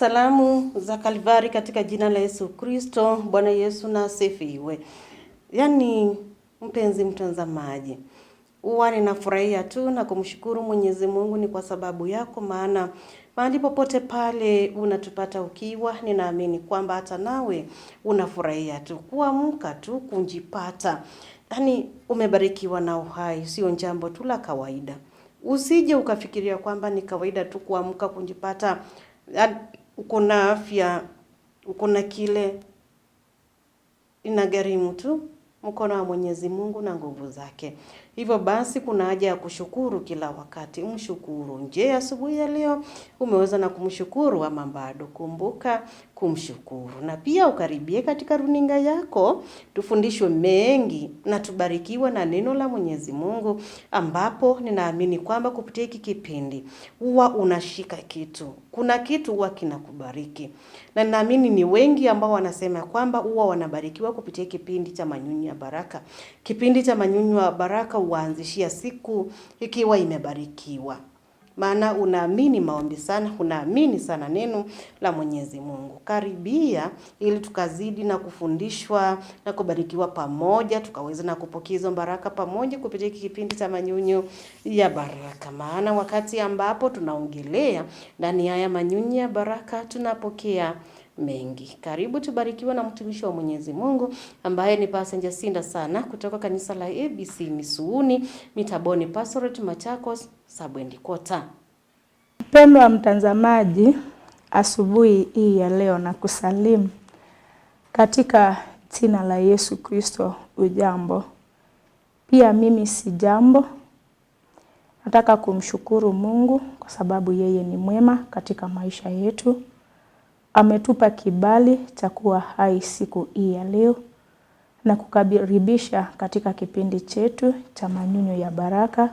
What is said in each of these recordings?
Salamu za Kalvari katika jina la Yesu Kristo. Bwana Yesu na asifiwe. Yaani mpenzi mtazamaji, huwa ninafurahia tu na kumshukuru Mwenyezi Mungu ni kwa sababu yako, maana mahali popote pale unatupata ukiwa, ninaamini kwamba hata nawe unafurahia tu kuamka tu kunjipata. Yaani umebarikiwa na uhai, sio jambo tu la kawaida. Usije ukafikiria kwamba ni kawaida tu kuamka kunjipata uko na afya, uko na kile, inagharimu tu mkono wa Mwenyezi Mungu na nguvu zake. Hivyo basi kuna haja ya kushukuru kila wakati, mshukuru. Je, asubuhi ya leo umeweza na kumshukuru ama bado? Kumbuka kumshukuru, na pia ukaribie katika runinga yako, tufundishwe mengi na tubarikiwe na neno la Mwenyezi Mungu, ambapo ninaamini kwamba kupitia hiki kipindi huwa unashika kitu, kuna kitu huwa kinakubariki, na ninaamini ni wengi ambao wanasema kwamba huwa wanabarikiwa kupitia kipindi cha Manyunyu ya Baraka. Kipindi cha Manyunyu ya Baraka huwaanzishia siku ikiwa imebarikiwa maana unaamini maombi sana, unaamini sana neno la Mwenyezi Mungu. Karibia ili tukazidi na kufundishwa na kubarikiwa pamoja, tukaweza na kupokezwa baraka pamoja kupitia hiki kipindi cha manyunyu ya baraka, maana wakati ambapo tunaongelea ndani haya manyunyu ya baraka tunapokea mengi. Karibu tubarikiwe na mtumishi wa Mwenyezi Mungu ambaye ni Passenger Sinda sana kutoka kanisa la ABC Misuuni Mitaboni Pastorate Machakos Sabwendikota. Mpendwa mtazamaji, asubuhi hii ya leo na kusalimu katika jina la Yesu Kristo. Ujambo? Pia mimi si jambo. Nataka kumshukuru Mungu kwa sababu yeye ni mwema katika maisha yetu ametupa kibali cha kuwa hai siku hii ya leo na kukaribisha katika kipindi chetu cha Manyunyu ya Baraka,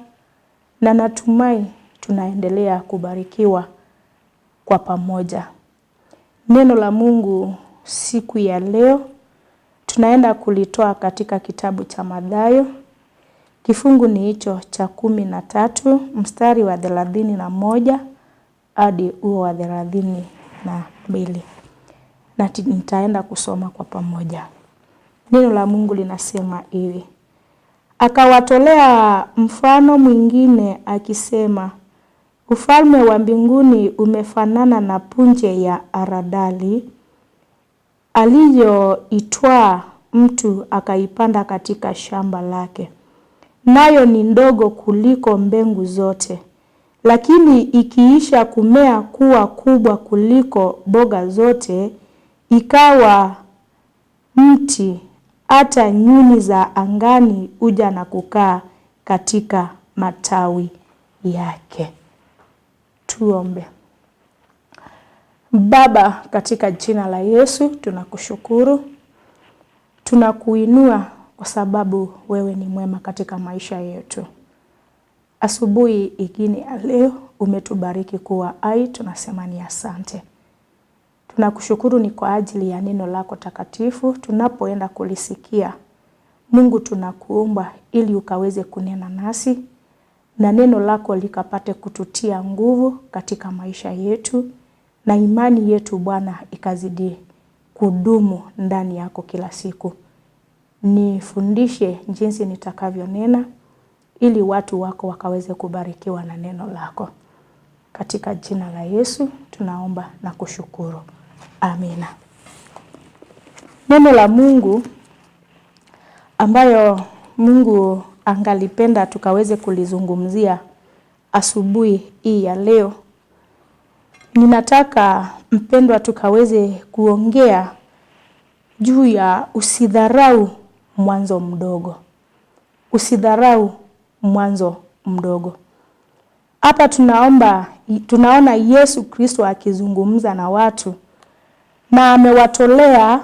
na natumai tunaendelea kubarikiwa kwa pamoja. Neno la Mungu siku ya leo tunaenda kulitoa katika kitabu cha Mathayo, kifungu ni hicho cha kumi na tatu mstari wa thelathini na moja hadi huo wa thelathini na mbili na nitaenda kusoma kwa pamoja. Neno la Mungu linasema hivi: akawatolea mfano mwingine akisema, ufalme wa mbinguni umefanana na punje ya aradali aliyoitwaa mtu akaipanda katika shamba lake, nayo ni ndogo kuliko mbegu zote lakini ikiisha kumea kuwa kubwa kuliko mboga zote, ikawa mti, hata nyuni za angani huja na kukaa katika matawi yake. Tuombe. Baba, katika jina la Yesu tunakushukuru, tunakuinua kwa sababu wewe ni mwema katika maisha yetu. Asubuhi ingine ya leo umetubariki kuwa ai, tunasema ni asante. Tunakushukuru ni kwa ajili ya neno lako takatifu tunapoenda kulisikia. Mungu tunakuomba ili ukaweze kunena nasi na neno lako likapate kututia nguvu katika maisha yetu na imani yetu Bwana ikazidi kudumu ndani yako kila siku. Nifundishe jinsi nitakavyonena ili watu wako wakaweze kubarikiwa na neno lako. Katika jina la Yesu tunaomba na kushukuru, amina. Neno la Mungu ambayo Mungu angalipenda tukaweze kulizungumzia asubuhi hii ya leo, ninataka mpendwa, tukaweze kuongea juu ya usidharau mwanzo mdogo. Usidharau mwanzo mdogo. Hapa tunaomba tunaona Yesu Kristo akizungumza na watu na amewatolea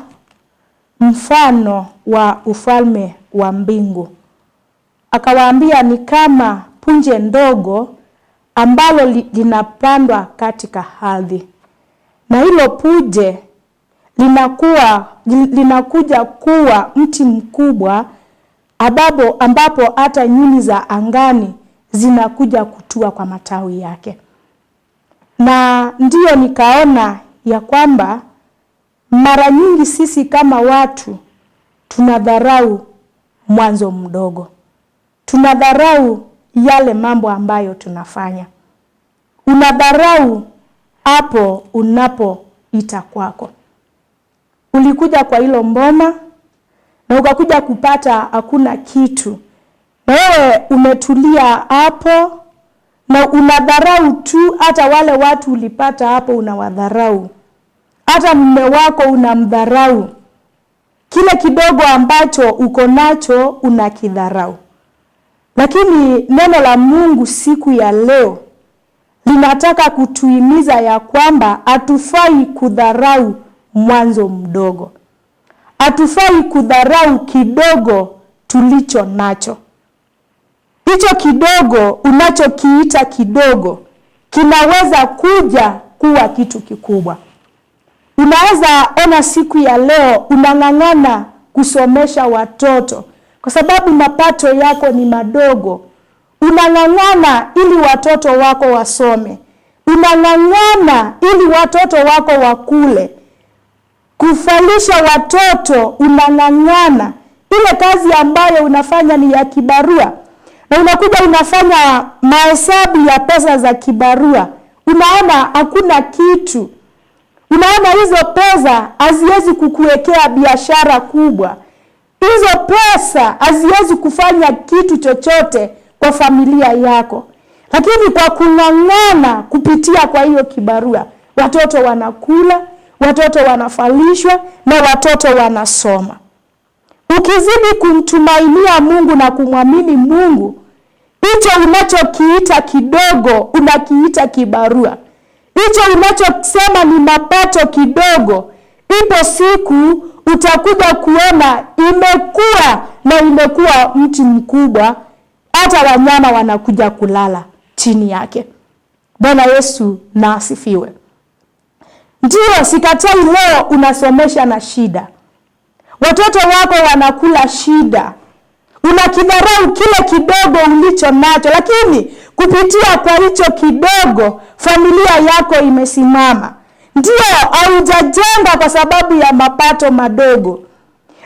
mfano wa ufalme wa mbingu, akawaambia ni kama punje ndogo ambalo linapandwa katika ardhi, na hilo punje linakuwa linakuja kuwa mti mkubwa ambapo ambapo hata nyuni za angani zinakuja kutua kwa matawi yake. Na ndiyo nikaona ya kwamba mara nyingi sisi kama watu tunadharau mwanzo mdogo, tunadharau yale mambo ambayo tunafanya. Unadharau hapo unapoita kwako. Ulikuja kwa hilo mboma na ukakuja kupata hakuna kitu, na wewe umetulia hapo na unadharau tu. Hata wale watu ulipata hapo unawadharau, hata mume wako unamdharau, kile kidogo ambacho uko nacho unakidharau. Lakini neno la Mungu siku ya leo linataka kutuhimiza ya kwamba hatufai kudharau mwanzo mdogo hatufai kudharau kidogo tulicho nacho. Hicho kidogo unachokiita kidogo kinaweza kuja kuwa kitu kikubwa. Unaweza ona siku ya leo unang'ang'ana kusomesha watoto kwa sababu mapato yako ni madogo. Unang'ang'ana ili watoto wako wasome, unang'ang'ana ili watoto wako wakule kufalisha watoto, unang'ang'ana. Ile kazi ambayo unafanya ni ya kibarua, na unakuja unafanya mahesabu ya pesa za kibarua, unaona hakuna kitu, unaona hizo pesa haziwezi kukuwekea biashara kubwa, hizo pesa haziwezi kufanya kitu chochote kwa familia yako, lakini kwa kung'ang'ana kupitia kwa hiyo kibarua, watoto wanakula watoto wanafalishwa na watoto wanasoma. Ukizidi kumtumainia Mungu na kumwamini Mungu, hicho unachokiita kidogo unakiita kibarua, hicho unachosema ni mapato kidogo, ipo siku utakuja kuona imekuwa na imekuwa mti mkubwa, hata wanyama wanakuja kulala chini yake. Bwana Yesu na asifiwe ndio sikatai. Leo unasomesha na shida, watoto wako wanakula shida, unakidharau kile kidogo ulicho nacho, lakini kupitia kwa hicho kidogo familia yako imesimama. ndio haujajenga kwa sababu ya mapato madogo,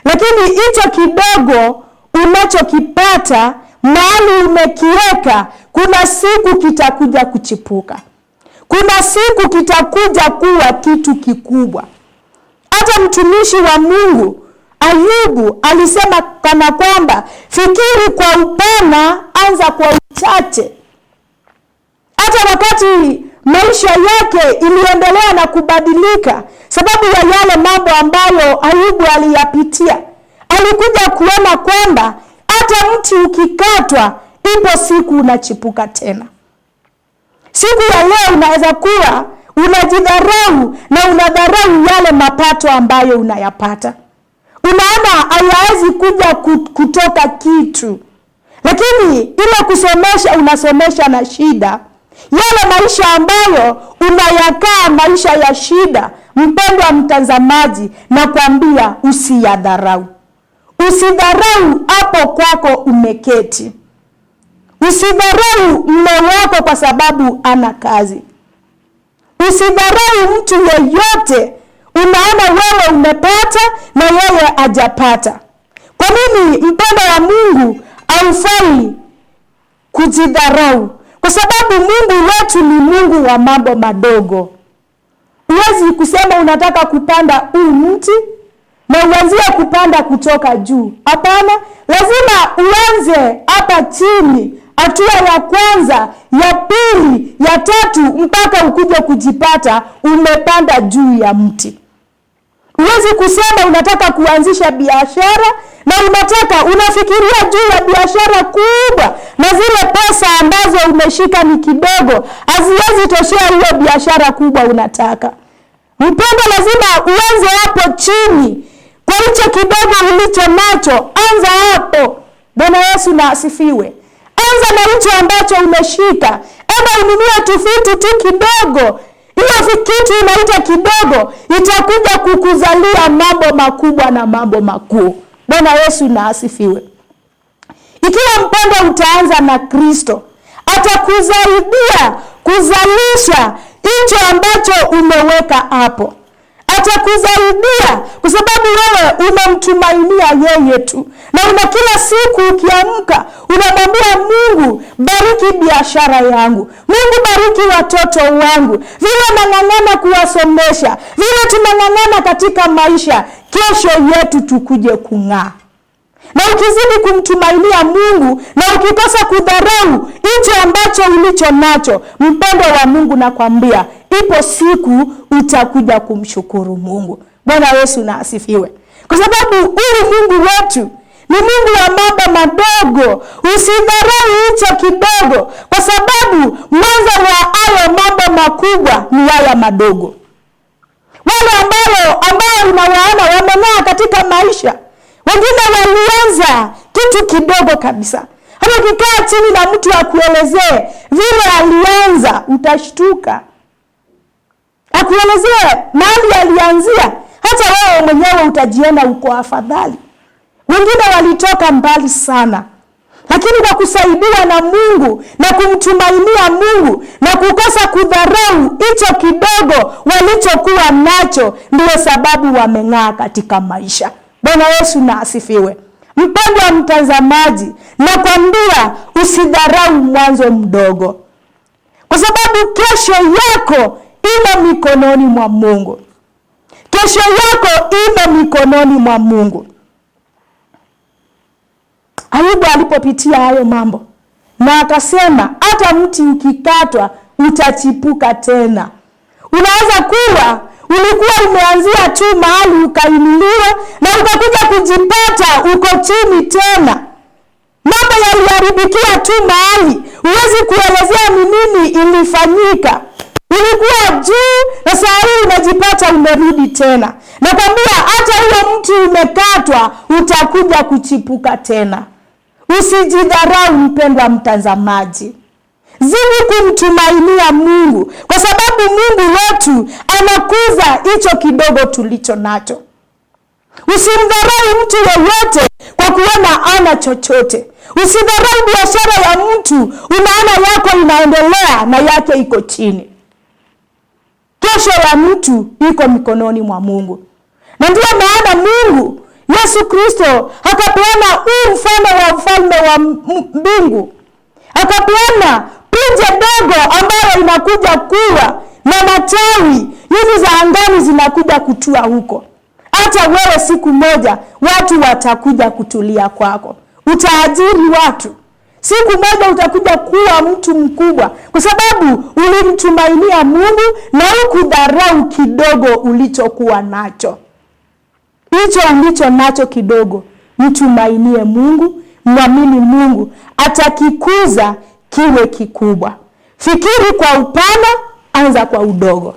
lakini hicho kidogo unachokipata mahali umekiweka, kuna siku kitakuja kuchipuka. Kuna siku kitakuja kuwa kitu kikubwa. Hata mtumishi wa Mungu Ayubu alisema kana kwamba fikiri kwa upana, anza kwa uchache. Hata wakati maisha yake iliendelea na kubadilika sababu ya yale mambo ambayo Ayubu aliyapitia, alikuja kuona kwamba hata mti ukikatwa, ipo siku unachipuka tena. Siku ya leo unaweza kuwa unajidharau na unadharau yale mapato ambayo unayapata, unaona hayawezi kuja kutoka kitu, lakini ila kusomesha unasomesha na shida yale maisha ambayo unayakaa maisha ya shida, wa mtazamaji, na kuambia usiyadharau, usidharau hapo kwako umeketi. Usidharau mume wako kwa sababu ana kazi. Usidharau mtu yeyote, unaona wewe umepata na yeye ajapata. Kwa nini mpendo wa Mungu haufai kujidharau? Kwa sababu Mungu wetu ni Mungu wa mambo madogo. Huwezi kusema unataka kupanda huu mti na uanzie kupanda kutoka juu. Hapana, lazima uanze hapa chini hatua ya kwanza, ya pili, ya tatu, mpaka ukuja kujipata umepanda juu ya mti. Huwezi kusema unataka kuanzisha biashara na unataka unafikiria juu ya biashara kubwa, na zile pesa ambazo umeshika ni kidogo, haziwezi toshea hiyo biashara kubwa unataka. Mpendo, lazima uanze hapo chini kwa hicho kidogo ulicho nacho, anza hapo. Bwana Yesu na asifiwe kwanza na hicho ambacho umeshika. Eba, ununua tufitu tu kidogo. Hiyo kitu unaita kidogo itakuja kukuzalia mambo makubwa na mambo makuu. Bwana Yesu na asifiwe. Ikiwa mpango utaanza na Kristo, atakuzaidia kuzalisha hicho ambacho umeweka hapo atakuzaidia kwa sababu wewe unamtumainia yeye tu, na una kila siku ukiamka unamwambia Mungu, bariki biashara yangu, Mungu bariki watoto wangu, vile nang'ang'ana kuwasomesha, vile tunang'ang'ana katika maisha, kesho yetu tukuje kung'aa na ukizidi kumtumainia Mungu na ukikosa kudharau hicho ambacho ulicho nacho, mpendo wa Mungu, nakwambia ipo siku utakuja kumshukuru Mungu. Bwana Yesu na asifiwe, kwa sababu huyu Mungu wetu ni Mungu wa mambo madogo. Usidharau hicho kidogo, kwa sababu mwanzo wa hayo mambo makubwa ni haya madogo. Wale ambao ambao unawaona wameng'aa katika maisha, wengine walianza kitu kidogo kabisa. Hata ukikaa chini na mtu akuelezee vile alianza, utashtuka akuelezee mahali alianzia, hata wewe mwenyewe utajiona uko afadhali. Wengine walitoka mbali sana, lakini kwa kusaidiwa na Mungu na kumtumainia Mungu na kukosa kudharau hicho kidogo walichokuwa nacho, ndio sababu wameng'aa katika maisha. Bwana Yesu na asifiwe. Mpendwa mtazamaji, nakwambia usidharau mwanzo mdogo, kwa sababu kesho yako imo mikononi mwa Mungu. Kesho yako imo mikononi mwa Mungu. Ayubu alipopitia hayo mambo na akasema, hata mti ukikatwa utachipuka tena. Unaweza kuwa ulikuwa umeanzia tu mahali ukainuliwa, na ukakuja kujipata uko chini tena. Mambo yaliharibikia tu mahali, huwezi kuelezea ni nini ilifanyika. Ulikuwa juu na saa hii unajipata umerudi tena. Nakwambia hata huo mtu umekatwa utakuja kuchipuka tena. Usijidharau mpendwa mtazamaji, zidi kumtumainia Mungu kwa sababu Mungu wetu anakuza hicho kidogo tulicho nacho. Usimdharau mtu yeyote kwa kuona ana chochote. Usidharau biashara ya mtu unaona yako inaendelea na yake iko chini. Kesho ya mtu iko mikononi mwa Mungu, na ndiyo maana Mungu Yesu Kristo akapeana huu mfano wa mfalme wa mbingu, akapeana punje dogo ambayo inakuja kuwa na matawi hizi za angani zinakuja kutua huko. Hata wewe siku moja watu watakuja kutulia kwako, utaajiri watu Siku moja utakuja kuwa mtu mkubwa, kwa sababu ulimtumainia Mungu na hukudharau kidogo ulichokuwa nacho. Hicho ulicho nacho kidogo, mtumainie Mungu, mwamini Mungu, atakikuza kiwe kikubwa. Fikiri kwa upana, anza kwa udogo.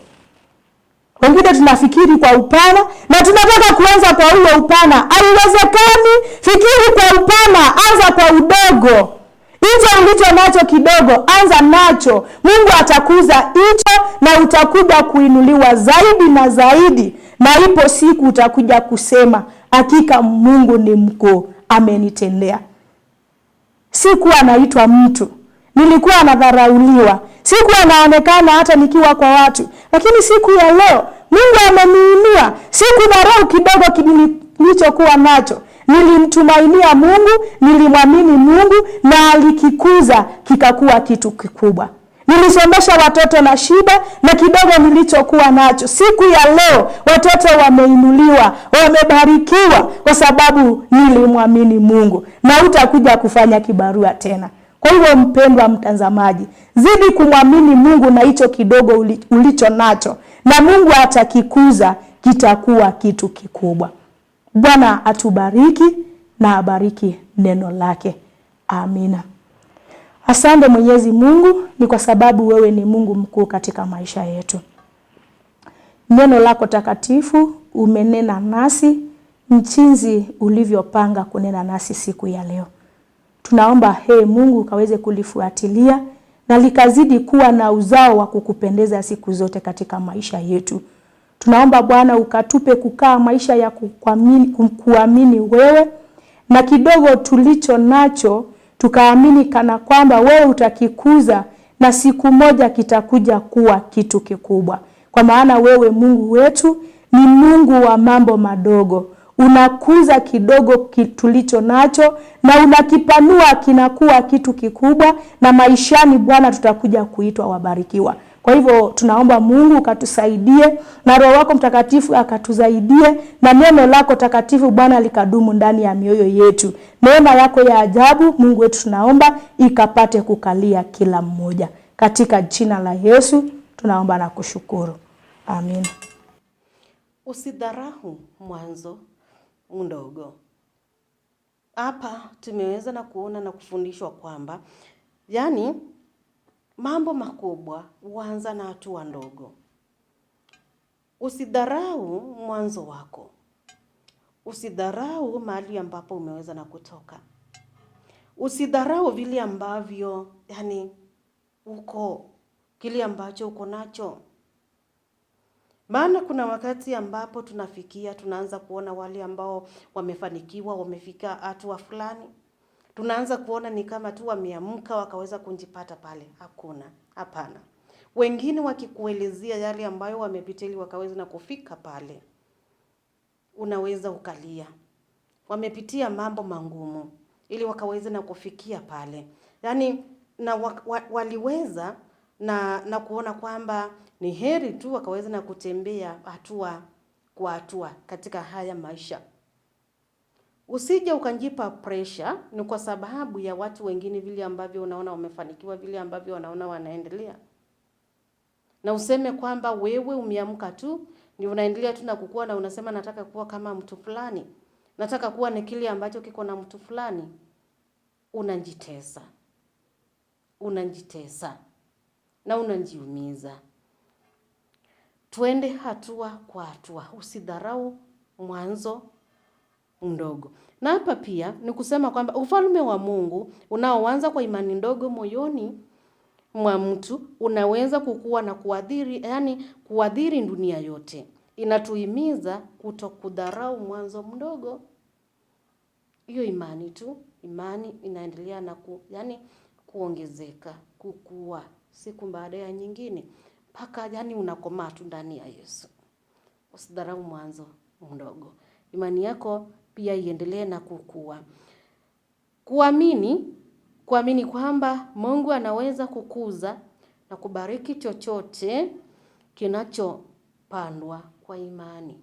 Wengine tunafikiri kwa upana na tunataka kuanza kwa ule upana. Haiwezekani. Fikiri kwa upana, anza kwa udogo. Hicho ulicho nacho kidogo, anza nacho. Mungu atakuza hicho, na utakuja kuinuliwa zaidi na zaidi, na ipo siku utakuja kusema hakika Mungu ni mkuu, amenitendea. Sikuwa naitwa mtu, nilikuwa nadharauliwa, sikuwa naonekana hata nikiwa kwa watu, lakini siku ya leo Mungu ameniinua. Siku na roho kidogo kilichokuwa nacho Nilimtumainia Mungu, nilimwamini Mungu na alikikuza kikakuwa kitu kikubwa. Nilisomesha watoto na shiba na kidogo nilichokuwa nacho. Siku ya leo watoto wameinuliwa, wamebarikiwa kwa sababu nilimwamini Mungu, na utakuja kufanya kibarua tena. Kwa hivyo, mpendwa mtazamaji, zidi kumwamini Mungu na hicho kidogo ulicho nacho, na Mungu atakikuza, kitakuwa kitu kikubwa. Bwana atubariki na abariki neno lake. Amina. Asante Mwenyezi Mungu, ni kwa sababu wewe ni Mungu mkuu katika maisha yetu. Neno lako takatifu umenena nasi mchinzi ulivyopanga kunena nasi siku ya leo. Tunaomba he ee Mungu ukaweze kulifuatilia na likazidi kuwa na uzao wa kukupendeza siku zote katika maisha yetu. Tunaomba Bwana ukatupe kukaa maisha ya kukuamini, kukuamini wewe na kidogo tulicho nacho tukaamini kana kwamba wewe utakikuza na siku moja kitakuja kuwa kitu kikubwa, kwa maana wewe Mungu wetu ni Mungu wa mambo madogo. Unakuza kidogo tulicho nacho na unakipanua kinakuwa kitu kikubwa, na maishani Bwana tutakuja kuitwa wabarikiwa. Kwa hivyo tunaomba Mungu ukatusaidie na Roho wako Mtakatifu akatuzaidie na neno lako takatifu Bwana likadumu ndani ya mioyo yetu. Neema yako ya ajabu Mungu wetu tunaomba ikapate kukalia kila mmoja, katika jina la Yesu tunaomba na kushukuru, amin. Usidharau mwanzo mdogo. Hapa tumeweza na kuona na kufundishwa kwamba yani Mambo makubwa huanza na hatua ndogo. Usidharau mwanzo wako, usidharau mahali ambapo umeweza na kutoka, usidharau vile ambavyo yani uko kile ambacho uko nacho, maana kuna wakati ambapo tunafikia tunaanza kuona wale ambao wamefanikiwa, wamefika hatua fulani tunaanza kuona ni kama tu wameamka wakaweza kunjipata pale. Hakuna, hapana. Wengine wakikuelezea yale ambayo wamepitia ili wakaweza na kufika pale, unaweza ukalia. Wamepitia mambo mangumu ili wakaweza na kufikia pale, yaani na wa, wa, waliweza na na kuona kwamba ni heri tu wakaweza na kutembea hatua kwa hatua katika haya maisha. Usije ukanjipa pressure ni kwa sababu ya watu wengine, vile ambavyo unaona wamefanikiwa, vile ambavyo wanaona wanaendelea, na useme kwamba wewe umeamka tu ni unaendelea tu na kukua, na unasema nataka kuwa kama mtu fulani, nataka kuwa ni kile ambacho kiko na mtu fulani. Unajitesa, unajitesa na unajiumiza. Tuende hatua kwa hatua, usidharau mwanzo mdogo. Na hapa pia ni kusema kwamba ufalme wa Mungu unaoanza kwa imani ndogo moyoni mwa mtu unaweza kukua na kuadhiri, yani kuadhiri dunia yote. Inatuhimiza kutokudharau mwanzo mdogo. Hiyo imani tu, imani inaendelea na ku, yani kuongezeka, kukua siku baada ya nyingine mpaka yani unakomaa tu ndani ya Yesu. Usidharau mwanzo mdogo. Imani yako pia iendelee na kukua. Kuamini, kuamini kwamba Mungu anaweza kukuza na kubariki chochote kinachopandwa kwa imani.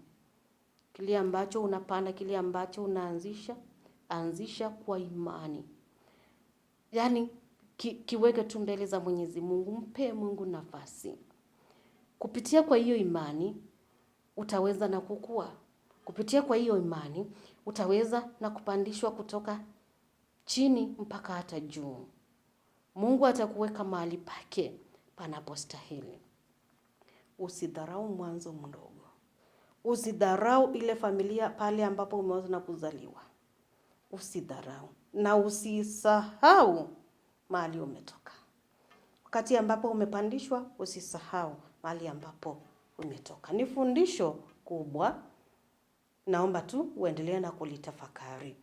Kile ambacho unapanda, kile ambacho unaanzisha, anzisha kwa imani. Yaani ki, kiweke tu mbele za Mwenyezi Mungu, mpe Mungu nafasi. Kupitia kwa hiyo imani utaweza na kukua. Kupitia kwa hiyo imani utaweza na kupandishwa kutoka chini mpaka hata juu. Mungu atakuweka mahali pake panapostahili. Usidharau mwanzo mdogo, usidharau ile familia pale ambapo umeanza na kuzaliwa, usidharau na usisahau mahali umetoka. Wakati ambapo umepandishwa, usisahau mahali ambapo umetoka. Ni fundisho kubwa naomba tu uendelee na kulitafakari.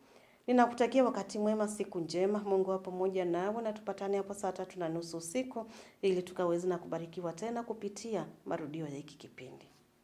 Ninakutakia wakati mwema, siku njema. Mungu wa pamoja nawe, na tupatane hapo saa tatu na nusu usiku ili tukaweze na kubarikiwa tena kupitia marudio ya hiki kipindi.